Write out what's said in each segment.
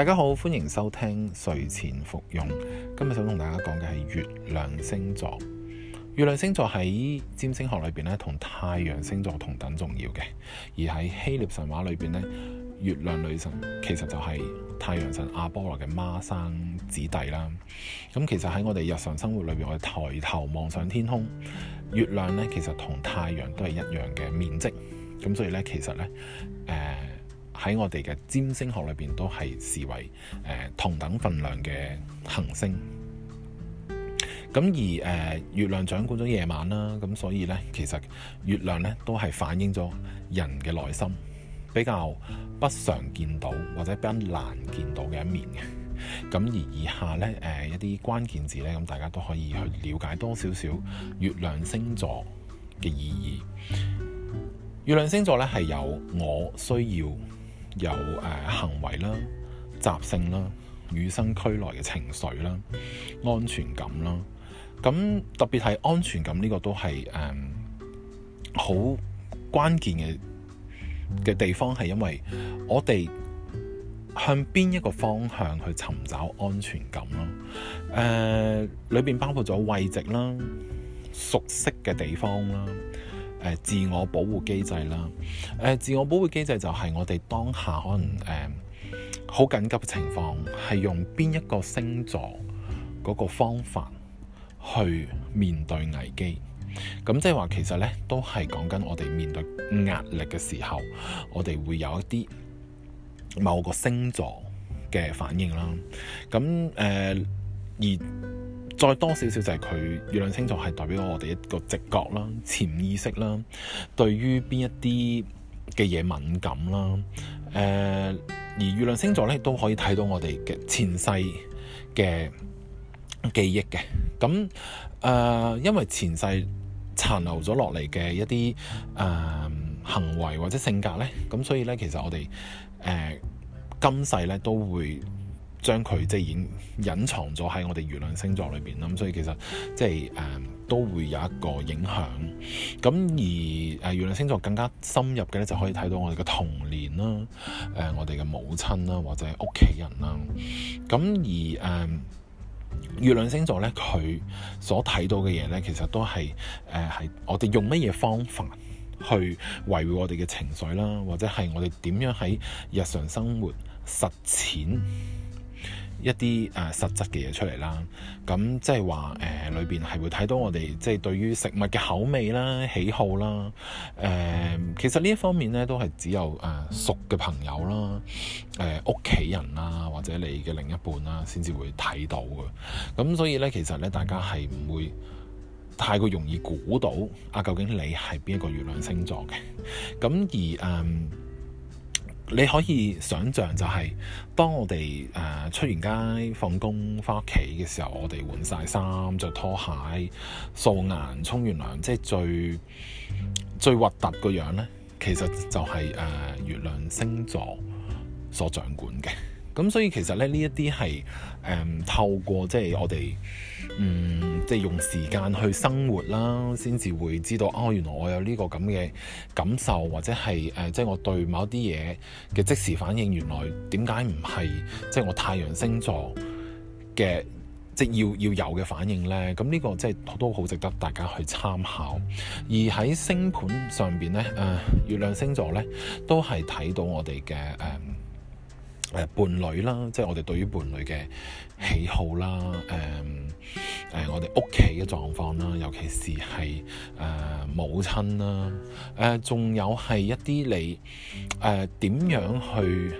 大家好，歡迎收聽睡前服用。今日想同大家講嘅係月亮星座。月亮星座喺占星學裏邊咧，同太陽星座同等重要嘅。而喺希臘神話裏邊咧，月亮女神其實就係太陽神阿波羅嘅孖生姊弟啦。咁其實喺我哋日常生活裏邊，我哋抬頭望上天空，月亮咧其實同太陽都係一樣嘅面積。咁所以咧，其實咧，誒、呃。喺我哋嘅占星學裏邊，都係視為誒、呃、同等份量嘅行星。咁而誒、呃、月亮掌管咗夜晚啦，咁所以呢，其實月亮呢都係反映咗人嘅內心比較不常見到或者比較難見到嘅一面嘅。咁而以下呢，誒、呃、一啲關鍵字呢，咁大家都可以去了解多少少月亮星座嘅意義。月亮星座呢係有我需要。有誒、呃、行為啦、習性啦、與生俱來嘅情緒啦、安全感啦，咁特別係安全感呢個都係誒好關鍵嘅嘅地方，係因為我哋向邊一個方向去尋找安全感囉。誒裏邊包括咗慰藉啦、熟悉嘅地方啦。自我保護機制啦，誒自我保護機制就係我哋當下可能誒好緊急嘅情況，係用邊一個星座嗰個方法去面對危機，咁即係話其實呢都係講緊我哋面對壓力嘅時候，我哋會有一啲某個星座嘅反應啦，咁誒、呃、而。再多少少就係佢月亮星座係代表我哋一個直覺啦、潛意識啦，對於邊一啲嘅嘢敏感啦。誒、呃，而月亮星座咧都可以睇到我哋嘅前世嘅記憶嘅。咁誒、呃，因為前世殘留咗落嚟嘅一啲誒、呃、行為或者性格咧，咁所以咧其實我哋誒、呃、今世咧都會。將佢即係隱隱藏咗喺我哋月亮星座裏邊啦，咁所以其實即係誒都會有一個影響。咁而誒、呃、月亮星座更加深入嘅咧，就可以睇到我哋嘅童年啦、誒、呃、我哋嘅母親啦，或者屋企人啦。咁而誒、嗯、月亮星座咧，佢所睇到嘅嘢咧，其實都係誒係我哋用乜嘢方法去維護我哋嘅情緒啦，或者係我哋點樣喺日常生活實踐一啲誒實質嘅嘢出嚟啦，咁即係話誒裏邊係會睇到我哋即係對於食物嘅口味啦、喜好啦，誒、呃、其實呢一方面咧都係只有誒、呃、熟嘅朋友啦、誒屋企人啦或者你嘅另一半啦先至會睇到嘅，咁所以咧其實咧大家係唔會太過容易估到啊究竟你係邊一個月亮星座嘅，咁而誒。呃你可以想象就係、是、當我哋誒、呃、出完街放工返屋企嘅時候，我哋換晒衫着拖鞋、素顏、沖完涼，即係最最核突個樣咧。其實就係、是、誒、呃、月亮星座所掌管嘅。咁所以其實咧呢一啲係誒透過即係我哋。嗯，即係用時間去生活啦，先至會知道哦。原來我有呢個咁嘅感受，或者係誒、呃，即係我對某一啲嘢嘅即時反應，原來點解唔係即係我太陽星座嘅即係要要有嘅反應咧？咁呢個即係都好值得大家去參考。而喺星盤上邊咧，誒、呃，月亮星座咧都係睇到我哋嘅誒誒伴侶啦，即係我哋對於伴侶嘅喜好啦，誒、呃。誒、呃，我哋屋企嘅狀況啦，尤其是係誒、呃、母親啦、啊，誒、呃、仲有係一啲你誒點、呃、樣去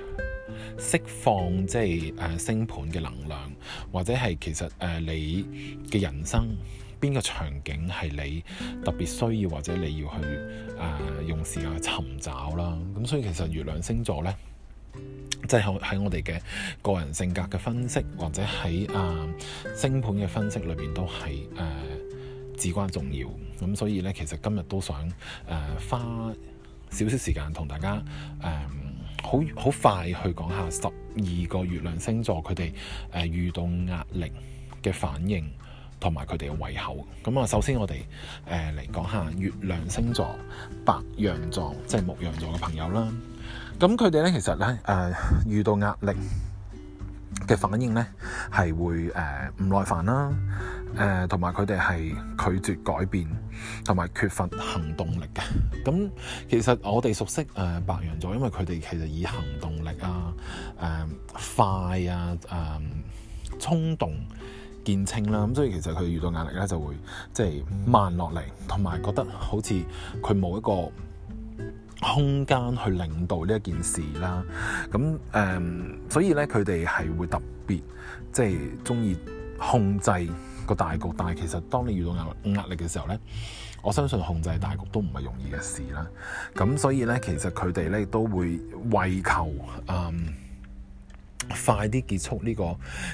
釋放即係誒、呃、星盤嘅能量，或者係其實誒、呃、你嘅人生邊個場景係你特別需要，或者你要去誒、呃、用時間去尋找啦，咁所以其實月亮星座咧，即係喺我哋嘅個人性格嘅分析，或者喺啊、呃、星盤嘅分析裏面都係誒、呃、至關重要。咁所以呢，其實今日都想誒、呃、花少少時間同大家誒好好快去講下十二個月亮星座佢哋誒遇到壓力嘅反應同埋佢哋嘅胃口。咁啊，首先我哋誒嚟講下月亮星座白羊座，即係牧羊座嘅朋友啦。咁佢哋咧，其實咧，誒、呃、遇到壓力嘅反應咧，係會誒唔、呃、耐煩啦，誒同埋佢哋係拒絕改變，同埋缺乏行動力嘅。咁其實我哋熟悉誒白羊座，因為佢哋其實以行動力啊、誒快啊、誒、啊啊、衝動見稱啦。咁、嗯、所以其實佢遇到壓力咧，就會即係、就是、慢落嚟，同埋覺得好似佢冇一個。空間去領導呢一件事啦，咁誒、嗯，所以咧佢哋係會特別即係鍾意控制個大局，但係其實當你遇到壓壓力嘅時候咧，我相信控制大局都唔係容易嘅事啦。咁所以咧，其實佢哋咧都會為求誒、嗯、快啲結束呢個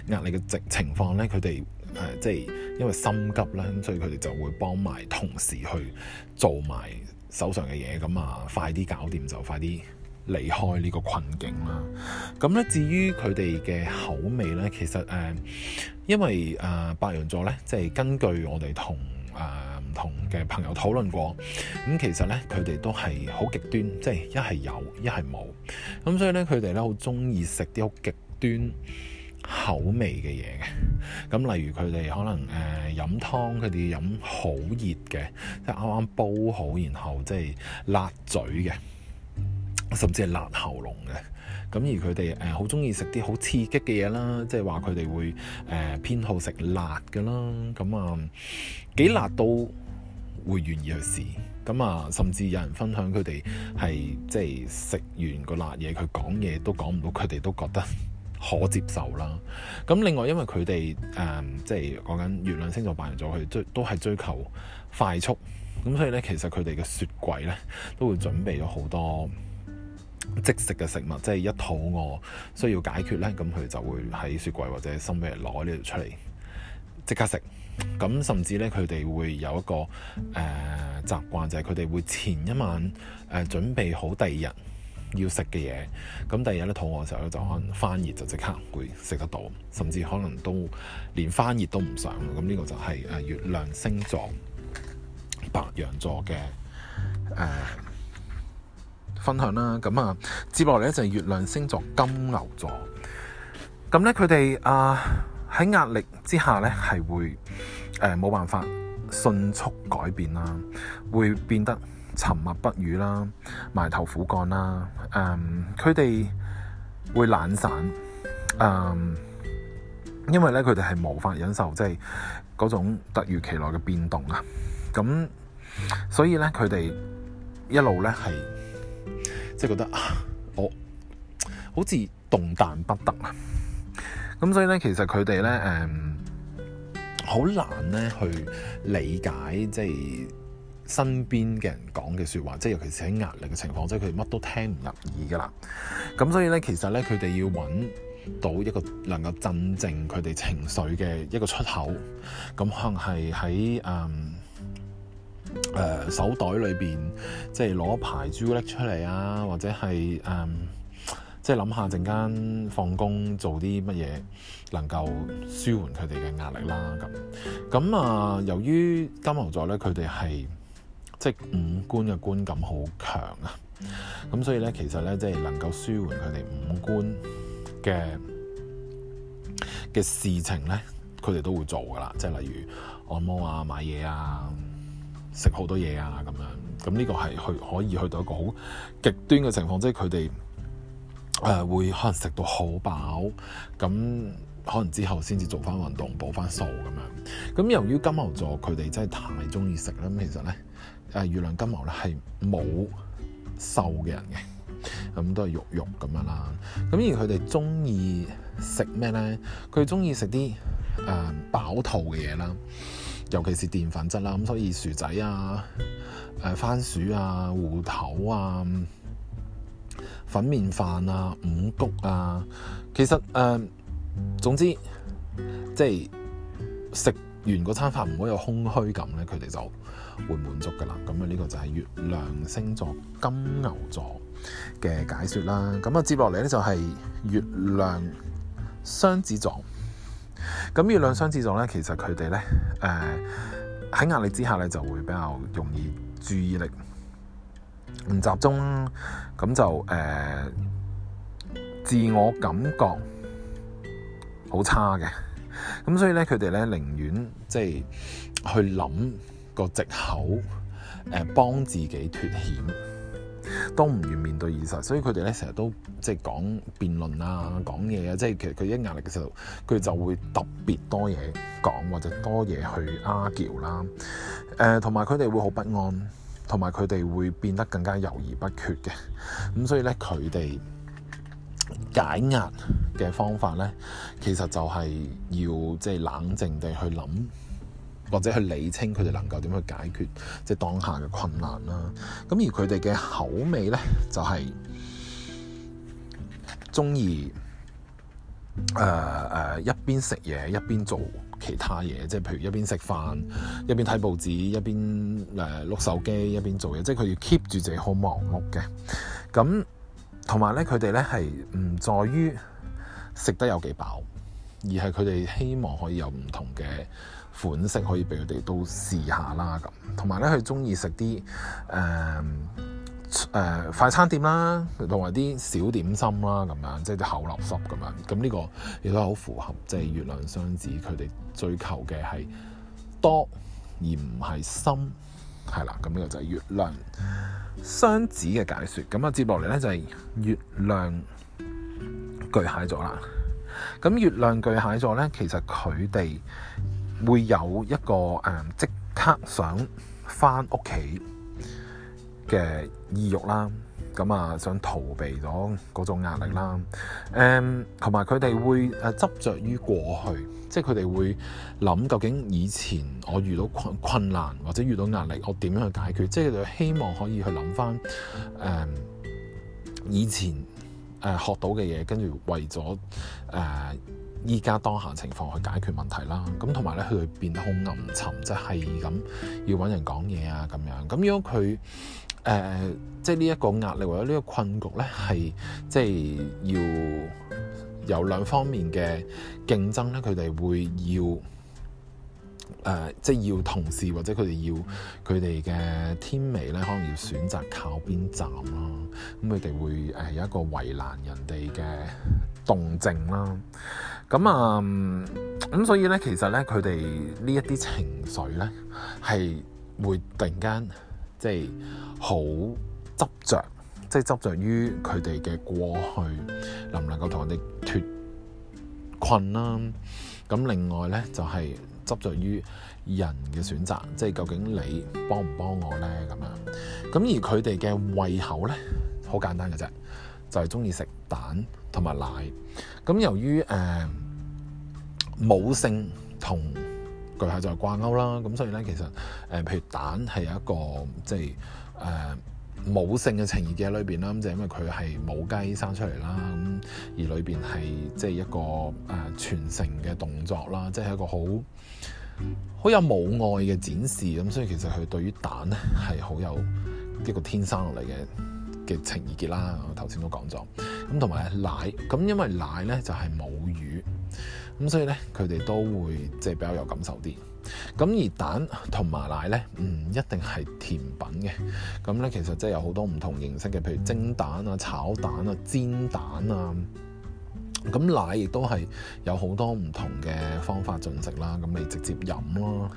壓力嘅情情況咧，佢哋誒即係因為心急啦，所以佢哋就會幫埋同事去做埋手上嘅嘢咁啊，快啲搞掂就快啲離開呢個困境啦。咁呢，至於佢哋嘅口味呢，其實誒、呃，因為啊、呃、白羊座呢，即係根據我哋、呃、同啊唔同嘅朋友討論過，咁、嗯、其實呢，佢哋都係好極端，即係一係有，一係冇。咁所以呢，佢哋咧好中意食啲好極端。口味嘅嘢嘅，咁例如佢哋可能誒、呃、飲湯，佢哋飲好熱嘅，即係啱啱煲好，然後即係辣嘴嘅，甚至係辣喉嚨嘅。咁而佢哋誒好中意食啲好刺激嘅嘢啦，即係話佢哋會誒、呃、偏好食辣嘅啦。咁啊幾辣都會願意去試。咁啊，甚至有人分享佢哋係即係食完個辣嘢，佢講嘢都講唔到，佢哋都覺得。可接受啦。咁另外，因為佢哋誒即係講緊月亮星座白羊座，佢追都係追求快速。咁所以呢，其實佢哋嘅雪櫃呢，都會準備咗好多即食嘅食物。即係一肚餓需要解決呢。咁佢就會喺雪櫃或者身邊攞呢度出嚟即刻食。咁甚至呢，佢哋會有一個誒、呃、習慣，就係佢哋會前一晚誒、呃、準備好第二日，要食嘅嘢，咁第二日咧，肚餓嘅時候咧就可能翻熱就即刻會食得到，甚至可能都連翻熱都唔想。咁呢個就係誒月亮星座白羊座嘅誒、呃、分享啦。咁、嗯、啊，接落嚟咧就係月亮星座金牛座。咁咧佢哋啊喺壓力之下咧係會誒冇、呃、辦法迅速改變啦，會變得。沉默不語啦，埋頭苦幹啦，誒、嗯，佢哋會懶散，誒、嗯，因為咧佢哋係無法忍受即係嗰種突如其來嘅變動、就是、啊，咁所以咧佢哋一路咧係即係覺得我好似動彈不得啊，咁所以咧其實佢哋咧誒好難咧去理解即係，就是身邊嘅人講嘅説話，即係尤其是喺壓力嘅情況，即係佢乜都聽唔入耳㗎喇。咁所以咧，其實咧，佢哋要揾到一個能夠鎮靜佢哋情緒嘅一個出口，咁可能係喺誒誒手袋裏邊，即係攞一排朱古力出嚟啊，或者係誒、嗯、即係諗下陣間放工做啲乜嘢能夠舒緩佢哋嘅壓力啦。咁咁啊，由於金牛座咧，佢哋係。即五官嘅觀感好強啊，咁所以咧，其實咧，即係能夠舒緩佢哋五官嘅嘅事情咧，佢哋都會做㗎喇。即係例如按摩啊、買嘢啊、食好多嘢啊咁樣。咁呢個係去可以去到一個好極端嘅情況，即係佢哋誒會可能食到好飽，咁可能之後先至做返運動補返數咁樣。咁由於金牛座佢哋真係太中意食啦，其實咧～誒月亮金牛咧係冇瘦嘅人嘅，咁都係肉肉咁樣啦。咁而佢哋中意食咩咧？佢中意食啲誒飽肚嘅嘢啦，尤其是澱粉質啦。咁所以薯仔啊、誒番薯啊、芋頭啊、粉麵飯啊、五穀啊，其實誒、呃、總之即係食完嗰餐飯唔好有空虛感咧，佢哋就會滿足噶啦，咁啊呢個就係月亮星座金牛座嘅解說啦。咁啊接落嚟咧，就係月亮雙子座。咁月亮雙子座咧，其實佢哋咧，誒、呃、喺壓力之下咧就會比較容易注意力唔集中啦。咁就誒、呃、自我感覺好差嘅。咁所以咧佢哋咧寧願即係去諗。個藉口，誒幫自己脫險，都唔願面對現實，所以佢哋咧成日都即係講辯論啊、講嘢啊，即係其實佢一壓力嘅時候，佢就會特別多嘢講，或者多嘢去 argue 啦，誒同埋佢哋會好不安，同埋佢哋會變得更加猶豫不決嘅，咁所以咧佢哋解壓嘅方法咧，其實就係要即係冷靜地去諗。或者去理清佢哋能夠點去解決即係當下嘅困難啦。咁而佢哋嘅口味呢，就係鍾意誒誒一邊食嘢一邊做其他嘢，即係譬如一邊食飯一邊睇報紙，一邊誒碌手機一邊做嘢。即係佢要 keep 住自己好忙碌嘅。咁同埋呢，佢哋呢係唔在於食得有幾飽，而係佢哋希望可以有唔同嘅。款式可以俾佢哋都試下啦，咁同埋咧，佢中意食啲誒誒快餐店啦，同埋啲小點心啦，咁樣即係啲口立濕咁樣。咁呢個亦都好符合，即係月亮雙子佢哋追求嘅係多而唔係深，係啦。咁呢個就係月亮雙子嘅解説。咁啊，接落嚟咧就係月亮巨蟹座啦。咁月亮巨蟹座咧，其實佢哋。會有一個誒、呃、即刻想翻屋企嘅意欲啦，咁、呃、啊想逃避咗嗰種壓力啦，誒同埋佢哋會誒、呃、執着於過去，即係佢哋會諗究竟以前我遇到困困難或者遇到壓力，我點樣去解決？即係佢哋希望可以去諗翻誒以前誒、呃、學到嘅嘢，跟住為咗誒。呃依家當下情況去解決問題啦。咁同埋咧，佢會變得好暗沉，即係咁要搵人講嘢啊，咁樣咁。如果佢誒即係呢一個壓力或者呢個困局咧，係即係要有兩方面嘅競爭咧，佢哋會要誒即係要同事或者佢哋要佢哋嘅天微咧，可能要選擇靠邊站啦。咁佢哋會誒有一個為難人哋嘅動靜啦。咁啊，咁所以咧，其實咧，佢哋呢一啲情緒咧，係會突然間即係好執着，即係執着於佢哋嘅過去，能唔能夠同我哋脫困啦？咁另外咧，就係執着於人嘅選擇，即係究竟你幫唔幫我咧？咁樣，咁而佢哋嘅胃口咧，好簡單嘅啫，就係中意食蛋。同埋奶，咁由於誒、呃、母性同巨蟹就係掛鈎啦，咁所以咧，其實誒、呃，譬如蛋係有一個即係誒、呃、母性嘅情意結喺裏邊啦，咁、嗯、就係、因為佢係母雞生出嚟啦，咁、嗯、而裏邊係即係一個誒傳承嘅動作啦，即係一個好好有母愛嘅展示，咁、嗯、所以其實佢對於蛋咧係好有一個天生落嚟嘅嘅情意結啦，我頭先都講咗。咁同埋奶，咁因為奶咧就係母乳，咁所以咧佢哋都會即係比較有感受啲。咁而蛋同埋奶咧，唔、嗯、一定係甜品嘅。咁咧其實即係有好多唔同形式嘅，譬如蒸蛋啊、炒蛋啊、煎蛋啊。咁奶亦都係有好多唔同嘅方法進食啦。咁你直接飲咯、啊，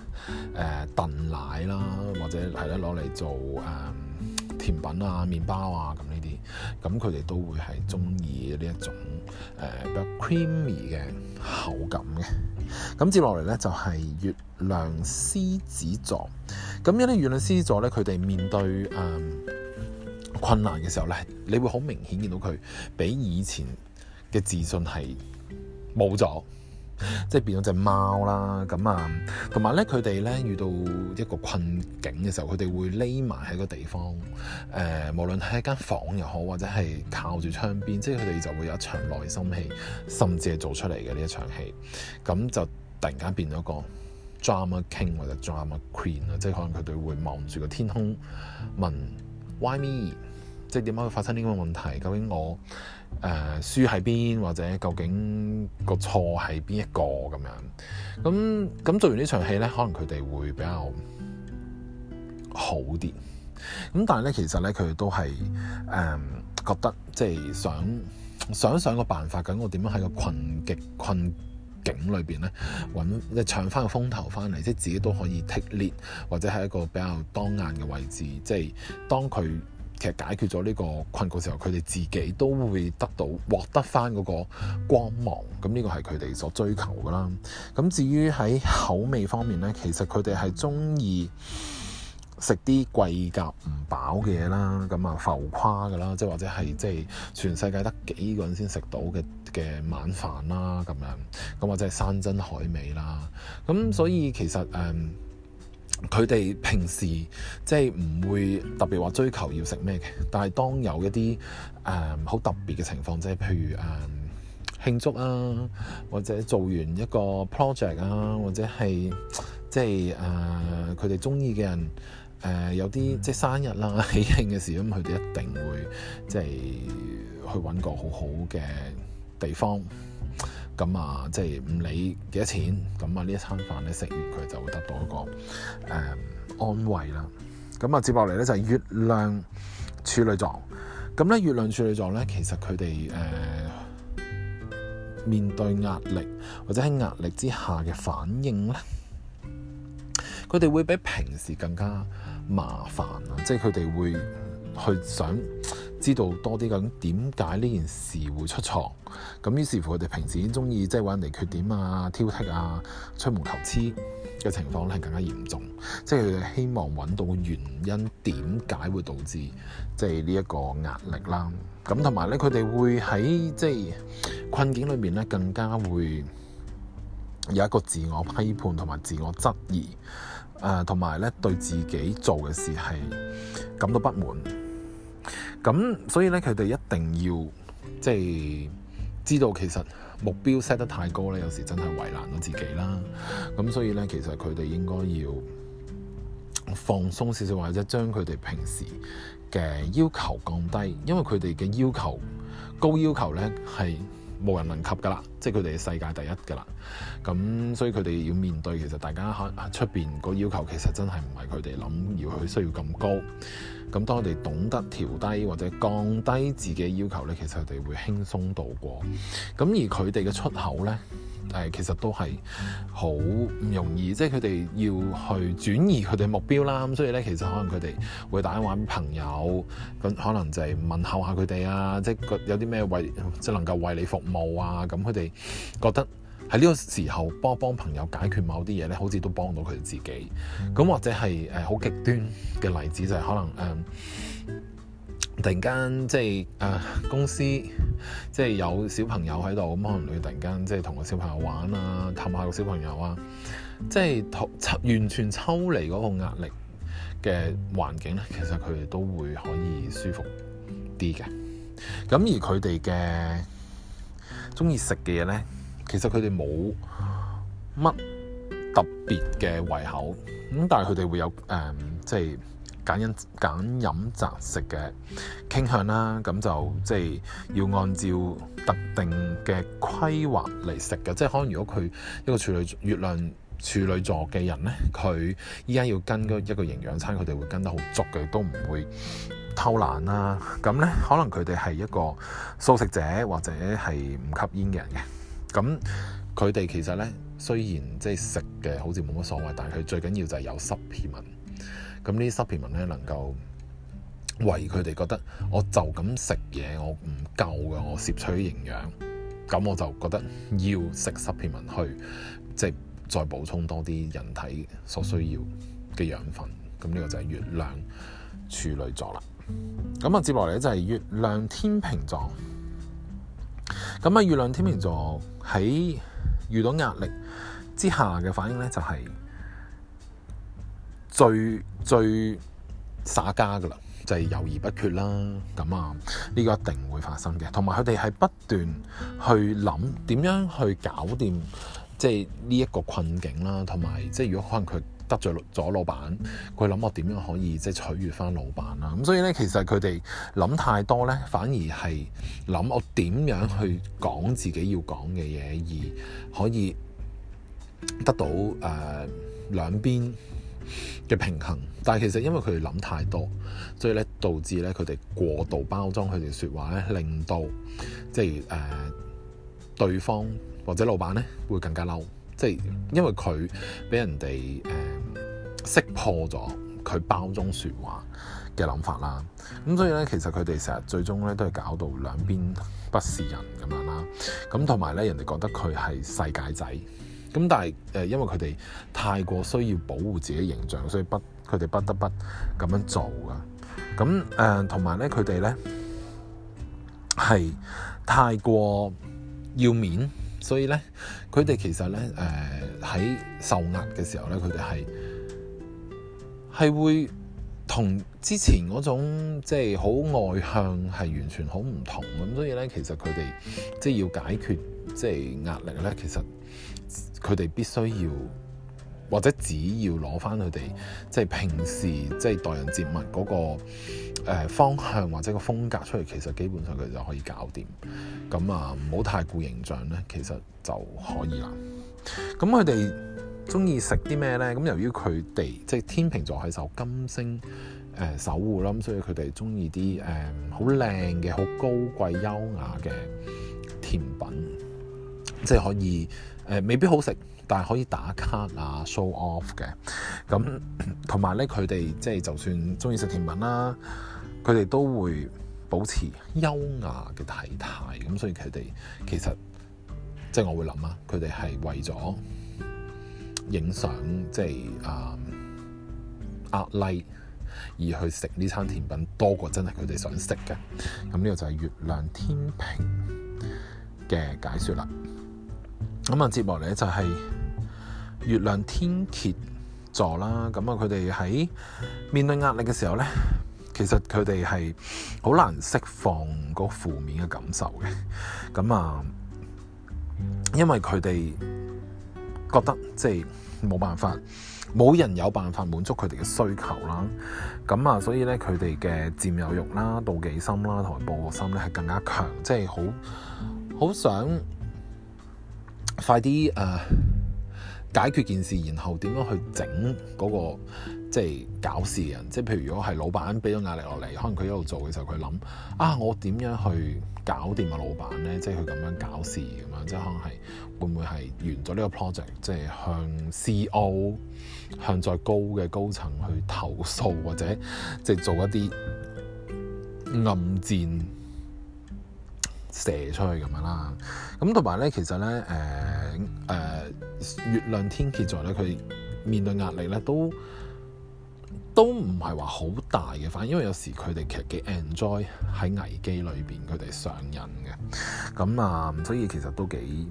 誒、呃、燉奶啦、啊，或者係咧攞嚟做誒、呃、甜品啊、麵包啊咁樣。咁佢哋都會係中意呢一種誒、呃、比較 creamy 嘅口感嘅。咁接落嚟咧就係、是、月亮獅子座。咁因為月亮獅子座咧，佢哋面對誒、呃、困難嘅時候咧，你會好明顯見到佢比以前嘅自信係冇咗。即係變咗隻貓啦，咁啊，同埋咧，佢哋咧遇到一個困境嘅時候，佢哋會匿埋喺個地方，誒、呃，無論係一間房又好，或者係靠住窗邊，即係佢哋就會有一場內心戲，甚至係做出嚟嘅呢一場戲，咁就突然間變咗個 drama king 或者 drama queen 啦，即係可能佢哋會望住個天空問 why me？即係點解會發生呢個問題？究竟我誒、呃、輸喺邊，或者究竟個錯係邊一個咁樣？咁咁做完呢場戲咧，可能佢哋會比較好啲。咁但係咧，其實咧佢哋都係誒、呃、覺得即係想想想個辦法，咁我點樣喺個困極困境裏邊咧揾即係唱翻個風頭翻嚟，即係自己都可以剔裂，或者係一個比較當眼嘅位置，即係當佢。其實解決咗呢個困局時候，佢哋自己都會得到獲得返嗰個光芒，咁呢個係佢哋所追求㗎啦。咁至於喺口味方面呢，其實佢哋係鍾意食啲貴格唔飽嘅嘢啦，咁啊浮誇㗎啦，即係或者係即係全世界得幾個人先食到嘅嘅晚飯啦，咁樣，咁或者係山珍海味啦。咁所以其實誒。嗯佢哋平時即係唔會特別話追求要食咩嘅，但係當有一啲誒好特別嘅情況，即係譬如誒慶祝啊，或者做完一個 project 啊，或者係即係誒佢哋鍾意嘅人誒、呃、有啲即係生日啦、喜慶嘅事，咁佢哋一定會即係去搵個好好嘅地方。咁啊，即係唔理幾多錢，咁啊呢一餐飯咧食完佢就會得到一個誒、呃、安慰啦。咁啊接落嚟咧就係月亮處女座，咁咧月亮處女座咧其實佢哋誒面對壓力或者喺壓力之下嘅反應咧，佢哋會比平時更加麻煩啊！即係佢哋會去想。知道多啲究竟點解呢件事會出錯，咁於是乎佢哋平時先中意即係揾人哋缺點啊、挑剔啊、吹毛求疵嘅情況咧，係更加嚴重。即係佢哋希望揾到原因，點解會導致即係呢一個壓力啦。咁同埋咧，佢哋會喺即係困境裏面咧，更加會有一個自我批判同埋自我質疑。誒、呃，同埋咧，對自己做嘅事係感到不滿。咁所以咧，佢哋一定要即係知道，其實目標 set 得太高咧，有時真係為難咗自己啦。咁所以咧，其實佢哋應該要放鬆少少，或者將佢哋平時嘅要求降低，因為佢哋嘅要求高要求咧係無人能及㗎啦，即係佢哋世界第一㗎啦。咁所以佢哋要面對，其實大家喺出面個要求，其實真係唔係佢哋諗要去需要咁高。咁當我哋懂得調低或者降低自己要求呢，其實佢哋會輕鬆度過。咁而佢哋嘅出口呢？誒其實都係好唔容易，即係佢哋要去轉移佢哋目標啦。咁所以咧，其實可能佢哋會打電話俾朋友，咁可能就係問候下佢哋啊。即係有啲咩為即係能夠為你服務啊。咁佢哋覺得喺呢個時候幫幫朋友解決某啲嘢咧，好似都幫到佢哋自己。咁或者係誒好極端嘅例子就係可能誒。嗯突然間即係誒、呃，公司即係有小朋友喺度，咁可能佢突然間即係同個小朋友玩啊，氹下個小朋友啊，即係抽完全抽離嗰個壓力嘅環境咧，其實佢哋都會可以舒服啲嘅。咁而佢哋嘅中意食嘅嘢咧，其實佢哋冇乜特別嘅胃口，咁但係佢哋會有誒、呃、即係。簡飲揀飲擇食嘅傾向啦，咁就即係要按照特定嘅規劃嚟食嘅。即係可能如果佢一個處女月亮處女座嘅人呢，佢依家要跟一個營養餐，佢哋會跟得好足嘅，都唔會偷懶啦、啊。咁呢，可能佢哋係一個素食者或者係唔吸煙嘅人嘅。咁佢哋其實呢，雖然即係食嘅好似冇乜所謂，但係佢最緊要就係有濕皮文。咁呢啲 supplement 咧，能夠為佢哋覺得我我，我就咁食嘢，我唔夠嘅，我攝取營養，咁我就覺得要食 supplement 去，即係再補充多啲人體所需要嘅養分。咁呢個就係月亮處女座啦。咁啊，接落嚟咧就係月亮天秤座。咁啊，月亮天秤座喺遇到壓力之下嘅反應咧，就係、是、～最最耍家噶啦，就係、是、猶而不決啦。咁啊，呢個一定會發生嘅。同埋佢哋係不斷去諗點樣去搞掂，即係呢一個困境啦。同埋即係如果可能佢得罪咗老闆，佢諗我點樣可以即係取悅翻老闆啦。咁所以呢，其實佢哋諗太多呢，反而係諗我點樣去講自己要講嘅嘢，而可以得到誒、呃、兩邊，嘅平衡，但係其實因為佢哋諗太多，所以咧，導致咧佢哋過度包裝佢哋說話咧，令到即係誒、呃、對方或者老闆咧會更加嬲，即係因為佢俾人哋誒、呃、識破咗佢包裝說話嘅諗法啦，咁所以咧，其實佢哋成日最終咧都係搞到兩邊不是人咁樣啦，咁同埋咧人哋覺得佢係世界仔。咁但係誒、呃，因為佢哋太過需要保護自己形象，所以不佢哋不得不咁樣做㗎。咁誒同埋咧，佢哋咧係太過要面，所以咧佢哋其實咧誒喺受壓嘅時候咧，佢哋係係會同之前嗰種即係好外向係完全好唔同咁，所以咧其實佢哋即係要解決即係、就是、壓力咧，其實。佢哋必須要或者只要攞翻佢哋即係平時即係待人接物嗰個誒、呃、方向或者個風格出嚟，其實基本上佢就可以搞掂。咁啊，唔好太顧形象咧，其實就可以啦。咁佢哋中意食啲咩咧？咁由於佢哋即係天秤座係受金星誒、呃、守護啦，咁所以佢哋中意啲誒好靚嘅、好、呃、高貴優雅嘅甜品。即係可以，誒、呃，未必好食，但係可以打卡啊，show off 嘅。咁同埋咧，佢哋即係就算中意食甜品啦，佢哋都會保持優雅嘅體態。咁所以佢哋其實即係我會諗啊，佢哋係為咗影相，即係啊，壓力，而去食呢餐甜品，多過真係佢哋想食嘅。咁呢個就係月亮天平嘅解說啦。咁啊，接落嚟就係月亮天蠍座啦。咁啊，佢哋喺面對壓力嘅時候咧，其實佢哋係好難釋放個負面嘅感受嘅。咁啊，因為佢哋覺得即係冇辦法，冇人有辦法滿足佢哋嘅需求啦。咁啊，所以咧佢哋嘅佔有欲啦、妒忌心啦同埋報復心咧係更加強，即係好好想。快啲誒、呃、解決件事，然後點樣去整嗰、嗰個即係搞事人？即係譬如如果係老闆俾咗壓力落嚟，可能佢一路做嘅時候，佢諗啊，我點樣去搞掂個老闆咧？即係佢咁樣搞事咁樣！即係可能係會唔會係完咗呢個 project，即係向 CO 向再高嘅高層去投訴，或者即係做一啲暗戰。射出去咁樣啦，咁同埋咧，其實咧，誒、呃、誒、呃，月亮天蠍座咧，佢面對壓力咧，都都唔係話好大嘅，反正因為有時佢哋其實幾 enjoy 喺危機裏邊佢哋上癮嘅，咁、嗯、啊，所以其實都幾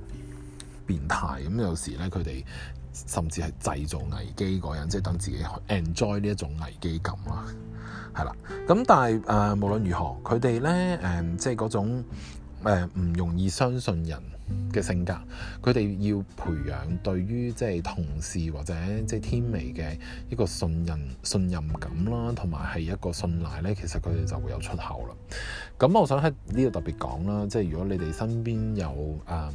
變態。咁、嗯、有時咧，佢哋甚至係製造危機嗰人，即係等自己 enjoy 呢一種危機感啊，係、嗯、啦。咁但係誒、呃，無論如何，佢哋咧，誒、呃，即係嗰種。誒唔、呃、容易相信人嘅性格，佢哋要培養對於即係同事或者即係天微嘅一個信任信任感啦，同埋係一個信賴咧，其實佢哋就會有出口啦。咁我想喺呢度特別講啦，即係如果你哋身邊有誒。嗯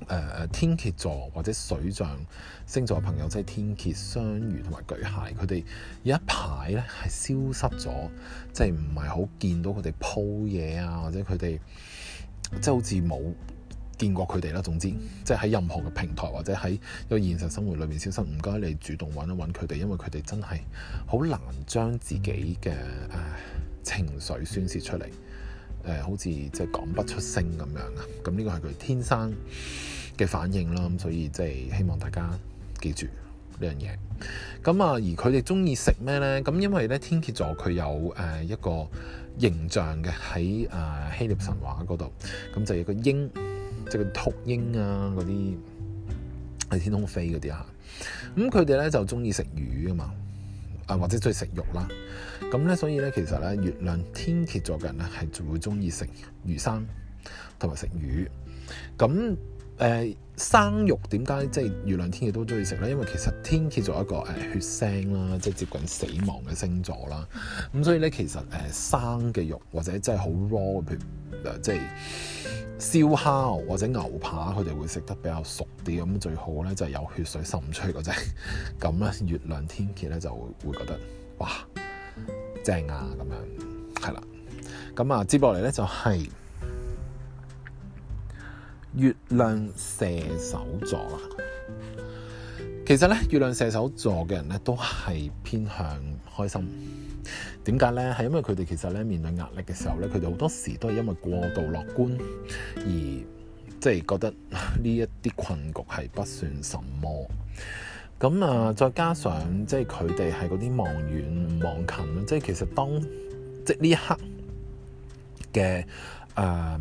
誒、呃、天蠍座或者水象星座嘅朋友，即係天蠍、雙魚同埋巨蟹，佢哋有一排咧係消失咗，即係唔係好見到佢哋鋪嘢啊，或者佢哋即係好似冇見過佢哋啦。總之，即係喺任何嘅平台或者喺個現實生活裏面消失，唔該你主動揾一揾佢哋，因為佢哋真係好難將自己嘅誒、呃、情緒宣泄出嚟。誒、呃、好似即係講不出聲咁樣啊！咁、嗯、呢、這個係佢天生嘅反應啦，咁、嗯、所以即係希望大家記住呢樣嘢。咁、嗯、啊、呃，而佢哋中意食咩咧？咁、嗯、因為咧天蠍座佢有誒、呃、一個形象嘅喺誒希臘神話嗰度，咁、嗯、就有、是、個鷹，即係個禿鷹啊嗰啲喺天空飛嗰啲啊。咁佢哋咧就中意食魚啊嘛，啊、呃、或者中意食肉啦。咁咧，所以咧，其實咧，月亮天蠍座嘅人咧係最會中意食魚生同埋食魚。咁誒、呃、生肉點解即係月亮天蠍都中意食咧？因為其實天蠍座一個誒、呃、血腥啦，即係接近死亡嘅星座啦。咁所以咧，其實誒、呃、生嘅肉或者真 raw、呃、即係好 raw，譬如誒即係燒烤或者牛扒，佢哋會食得比較熟啲。咁最好咧就係、是、有血水滲出嗰隻。咁 咧、嗯，月亮天蠍咧就會會覺得哇～正啊，咁樣係啦，咁、嗯、啊接落嚟咧就係月亮射手座啦。其實咧，月亮射手座嘅人咧都係偏向開心。點解咧？係因為佢哋其實咧面對壓力嘅時候咧，佢哋好多時都係因為過度樂觀而即係覺得呢一啲困局係不算什麼。咁啊，再加上即係佢哋係嗰啲望遠望近，即係其實當即呢一刻嘅誒、呃、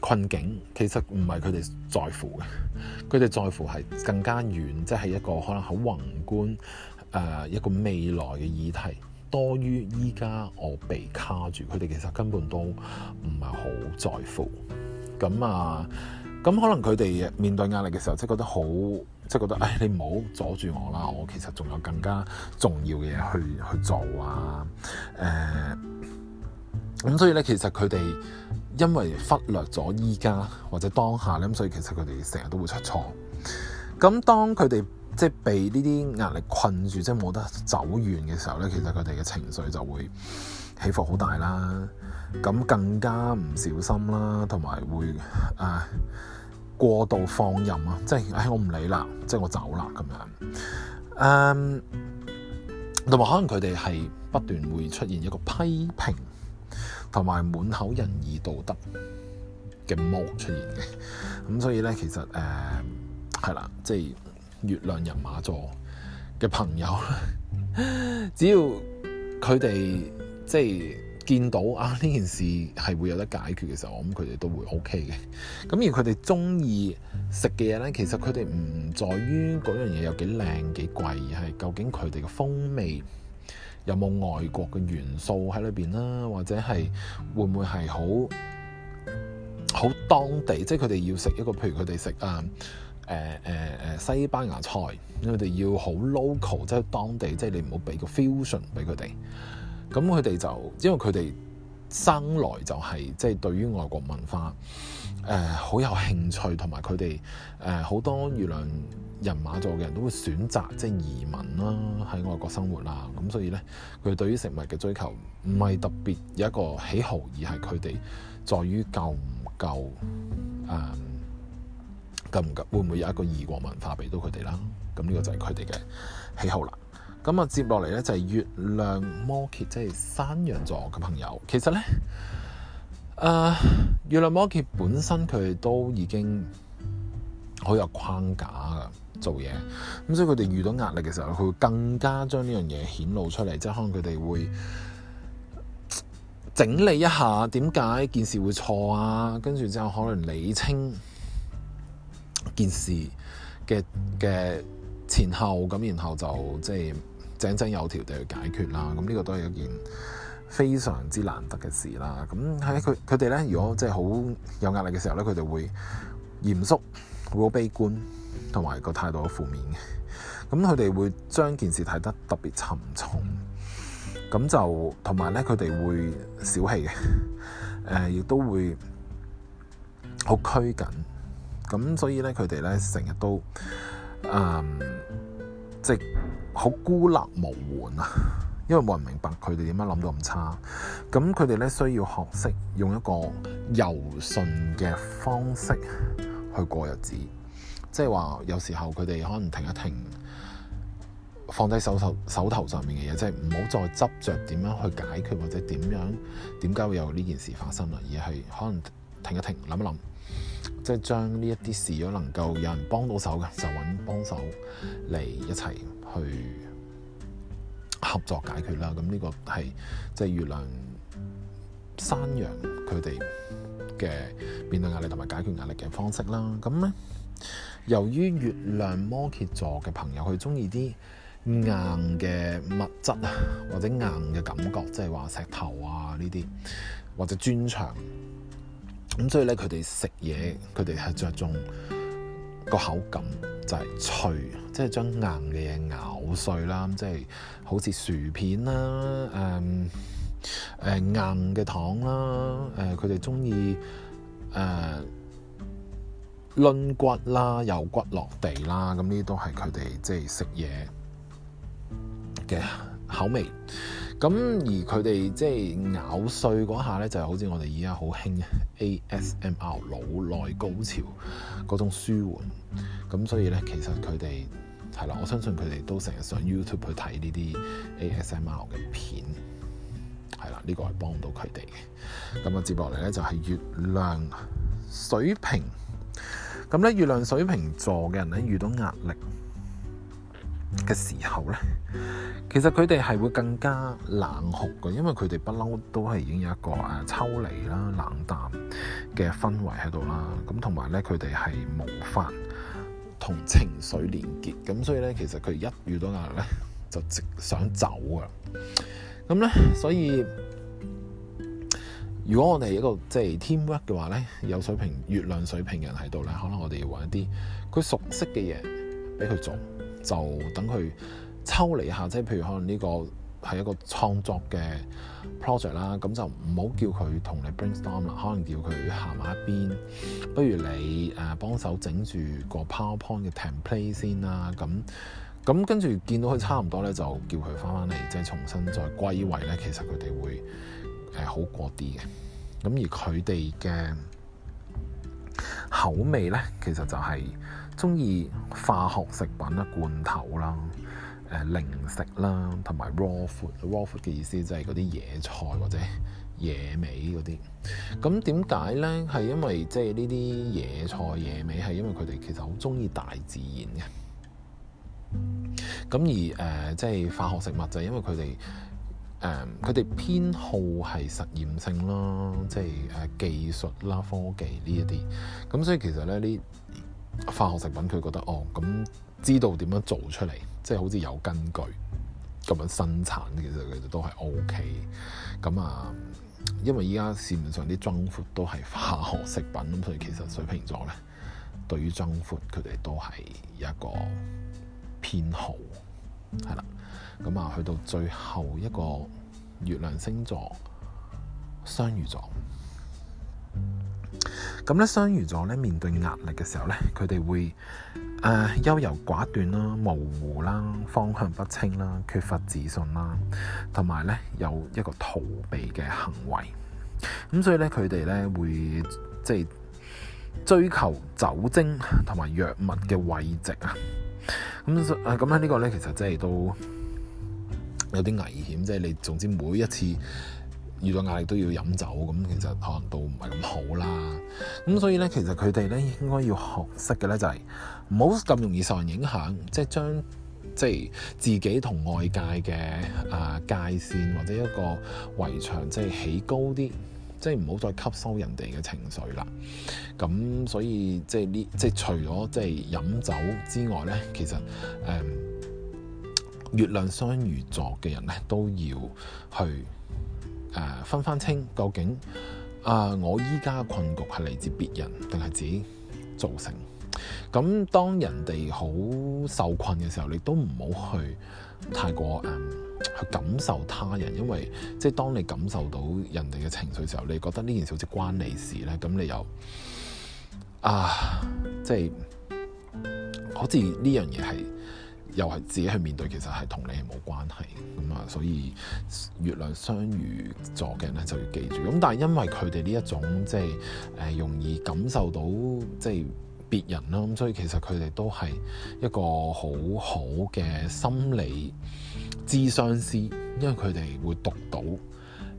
困境，其實唔係佢哋在乎嘅，佢哋在乎係更加遠，即係一個可能好宏觀誒、呃、一個未來嘅議題，多於依家我被卡住，佢哋其實根本都唔係好在乎。咁啊，咁可能佢哋面對壓力嘅時候，即係覺得好。即係覺得，誒、哎、你唔好阻住我啦，我其實仲有更加重要嘅嘢去去做啊，誒、呃、咁所以咧，其實佢哋因為忽略咗依家或者當下咧，咁所以其實佢哋成日都會出錯。咁當佢哋即係被呢啲壓力困住，即係冇得走遠嘅時候咧，其實佢哋嘅情緒就會起伏好大啦，咁更加唔小心啦，同埋會啊。呃過度放任啊，即係唉、哎，我唔理啦，即係我走啦咁樣，嗯，同埋可能佢哋係不斷會出現一個批評，同埋滿口仁義道德嘅模式出現嘅，咁所以咧，其實誒係啦，即係月亮人馬座嘅朋友，只要佢哋即係。見到啊呢件事係會有得解決嘅時候，我諗佢哋都會 OK 嘅。咁而佢哋中意食嘅嘢呢，其實佢哋唔在於嗰樣嘢有幾靚幾貴，而係究竟佢哋嘅風味有冇外國嘅元素喺裏邊啦，或者係會唔會係好好當地，即係佢哋要食一個，譬如佢哋食啊誒西班牙菜，佢哋要好 local，即係當地，即係你唔好俾個 fusion 俾佢哋。咁佢哋就，因為佢哋生來就係，即係對於外國文化，誒好有興趣，同埋佢哋誒好多月亮人馬座嘅人都會選擇即係移民啦，喺外國生活啦。咁所以咧，佢對於食物嘅追求唔係特別有一個喜好，而係佢哋在於夠唔夠誒夠唔夠，會唔會有一個異國文化俾到佢哋啦？咁呢個就係佢哋嘅喜好啦。咁啊，接落嚟咧就係月亮摩羯，即係山羊座嘅朋友。其實咧，誒、呃、月亮摩羯本身佢哋都已經好有框架㗎做嘢，咁所以佢哋遇到壓力嘅時候，佢會更加將呢樣嘢顯露出嚟，即係可能佢哋會整理一下點解件事會錯啊，跟住之後可能理清件事嘅嘅前後，咁然後就即係。井井有條地去解決啦，咁呢個都係一件非常之難得嘅事啦。咁喺佢佢哋咧，如果即係好有壓力嘅時候咧，佢哋會嚴肅，會好悲觀，同埋個態度好負面嘅。咁佢哋會將件事睇得特別沉重，咁就同埋咧，佢哋會小氣嘅，誒、呃、亦都會好拘謹。咁所以咧，佢哋咧成日都誒。嗯即好孤立無援啊！因為冇人明白佢哋點樣諗到咁差，咁佢哋咧需要學識用一個柔順嘅方式去過日子，即係話有時候佢哋可能停一停，放低手頭手頭上面嘅嘢，即係唔好再執着點樣去解決或者點樣點解會有呢件事發生啦，而係可能停一停，諗一諗。即係將呢一啲事，如果能夠有人幫到手嘅，就搵幫手嚟一齊去合作解決啦。咁呢個係即係月亮山羊佢哋嘅面對壓力同埋解決壓力嘅方式啦。咁呢，由於月亮摩羯座嘅朋友，佢鍾意啲硬嘅物質啊，或者硬嘅感覺，即係話石頭啊呢啲，或者磚牆。咁所以咧，佢哋食嘢，佢哋係着重個口感，就係脆，即係將硬嘅嘢咬碎啦，即係好似薯片啦，誒、嗯、誒、呃、硬嘅糖啦，誒佢哋中意誒攆骨啦、啊，有骨落地啦，咁呢啲都係佢哋即係食嘢嘅口味。咁而佢哋即係咬碎嗰下咧，就係好似我哋而家好興 a s m l 腦內高潮嗰種舒緩。咁所以咧，其實佢哋係啦，我相信佢哋都成日上 YouTube 去睇呢啲 a s m l 嘅片。係啦，呢、這個係幫到佢哋嘅。咁啊，接落嚟咧就係、是、月亮水瓶。咁咧，月亮水瓶座嘅人咧遇到壓力。嘅時候咧，其實佢哋係會更加冷酷嘅，因為佢哋不嬲都係已經有一個誒抽離啦、冷淡嘅氛圍喺度啦。咁同埋咧，佢哋係無法同情緒連結。咁所以咧，其實佢一遇到壓力咧，就直想走㗎。咁咧，所以如果我哋係一個即係 teamwork 嘅話咧，有水瓶月亮水瓶人喺度咧，可能我哋要揾一啲佢熟悉嘅嘢俾佢做。就等佢抽離下，即係譬如可能呢個係一個創作嘅 project 啦，咁就唔好叫佢同你 brainstorm 啦，可能叫佢行埋一邊。不如你誒、啊、幫手整住個 powerpoint 嘅 template 先啦，咁咁跟住見到佢差唔多咧，就叫佢翻翻嚟，即、就、係、是、重新再歸位咧。其實佢哋會誒、啊、好過啲嘅。咁而佢哋嘅。口味咧，其實就係中意化學食品啦、罐頭啦、誒、呃、零食啦，同埋 raw food。raw food 嘅意思就係嗰啲野菜或者野味嗰啲。咁點解咧？係因為即係呢啲野菜野味，係因為佢哋其實好中意大自然嘅。咁而誒，即、呃、係、就是、化學食物就係因為佢哋。誒，佢哋偏好係實驗性啦，即係誒、呃、技術啦、科技呢一啲，咁所以其實咧，啲化學食品佢覺得哦，咁知道點樣做出嚟，即係好似有根據咁樣生產，其實佢哋都係 OK。咁啊，因為依家市面上啲 junk food 都係化學食品，咁所以其實水瓶座咧，對於 junk food 佢哋都係一個偏好，係啦。咁啊，去到最後一個月亮星座，雙魚座。咁咧，雙魚座咧，面對壓力嘅時候咧，佢哋會誒、呃、優柔寡斷啦、模糊啦、方向不清啦、缺乏自信啦，同埋咧有一個逃避嘅行為。咁所以咧，佢哋咧會即係追求酒精同埋藥物嘅慰藉啊。咁誒，咁咧呢個咧其實即係都。有啲危險，即係你總之每一次遇到壓力都要飲酒，咁其實可能都唔係咁好啦。咁所以咧，其實佢哋咧應該要學識嘅咧，就係唔好咁容易受人影響，即係將即係自己同外界嘅啊界線或者一個圍牆即係起高啲，即係唔好再吸收人哋嘅情緒啦。咁所以即係呢，即係除咗即係飲酒之外咧，其實誒。嗯月亮雙魚座嘅人咧，都要去誒、呃、分翻清，究竟啊、呃、我依家困局係嚟自別人定係自己造成？咁、嗯、當人哋好受困嘅時候，你都唔好去太過誒、呃、去感受他人，因為即係當你感受到人哋嘅情緒時候，你覺得呢件事好似關你事咧，咁你又啊、呃、即係好似呢樣嘢係。又係自己去面對，其實係同你係冇關係嘅咁啊，所以月亮雙魚座嘅人咧就要記住。咁但係因為佢哋呢一種即係誒、呃、容易感受到即係別人啦，咁、嗯、所以其實佢哋都係一個好好嘅心理諮詢師，因為佢哋會讀到誒、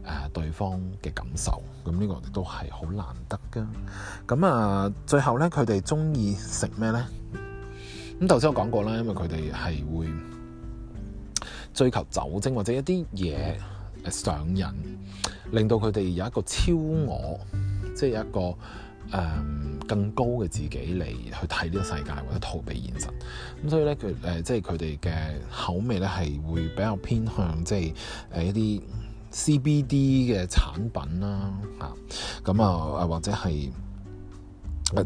呃、對方嘅感受。咁、嗯、呢、這個我哋都係好難得噶。咁啊、呃，最後咧，佢哋中意食咩咧？咁頭先我講過啦，因為佢哋係會追求酒精或者一啲嘢誒上癮，令到佢哋有一個超我，即係有一個誒、呃、更高嘅自己嚟去睇呢個世界或者逃避現實。咁所以咧佢誒即係佢哋嘅口味咧係會比較偏向即係誒一啲 CBD 嘅產品啦，嚇咁啊啊或者係。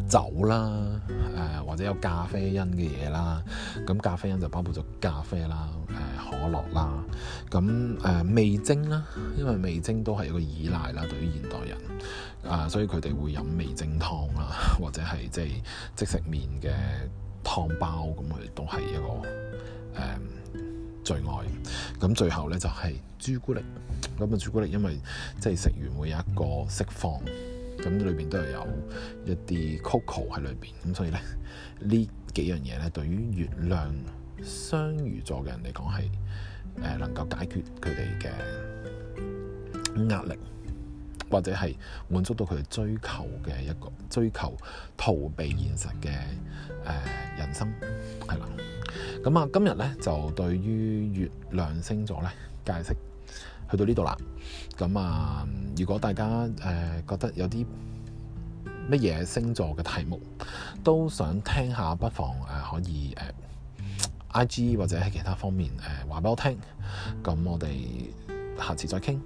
酒啦，誒、呃、或者有咖啡因嘅嘢啦，咁咖啡因就包括咗咖啡啦，誒、呃、可樂啦，咁誒、呃、味精啦，因為味精都係一個依賴啦，對於現代人啊、呃，所以佢哋會飲味精湯啦，或者係即係即，即，即，即食麵嘅湯包，咁佢哋都係一個誒、呃、最愛。咁最後呢就係朱古力，咁啊朱古力因為即係食完會有一個釋放。咁裏邊都係有一啲 coco 喺裏邊，咁所以咧，呢幾樣嘢咧，對於月亮雙魚座嘅人嚟講係誒能夠解決佢哋嘅壓力，或者係滿足到佢追求嘅一個追求、逃避現實嘅誒人生，係啦。咁啊，今日咧就對於月亮星座咧解釋去到呢度啦，咁啊，如果大家誒、呃、覺得有啲乜嘢星座嘅題目都想聽下，不妨誒、呃、可以誒、呃、IG 或者喺其他方面誒、呃、話俾我聽，咁我哋下次再傾。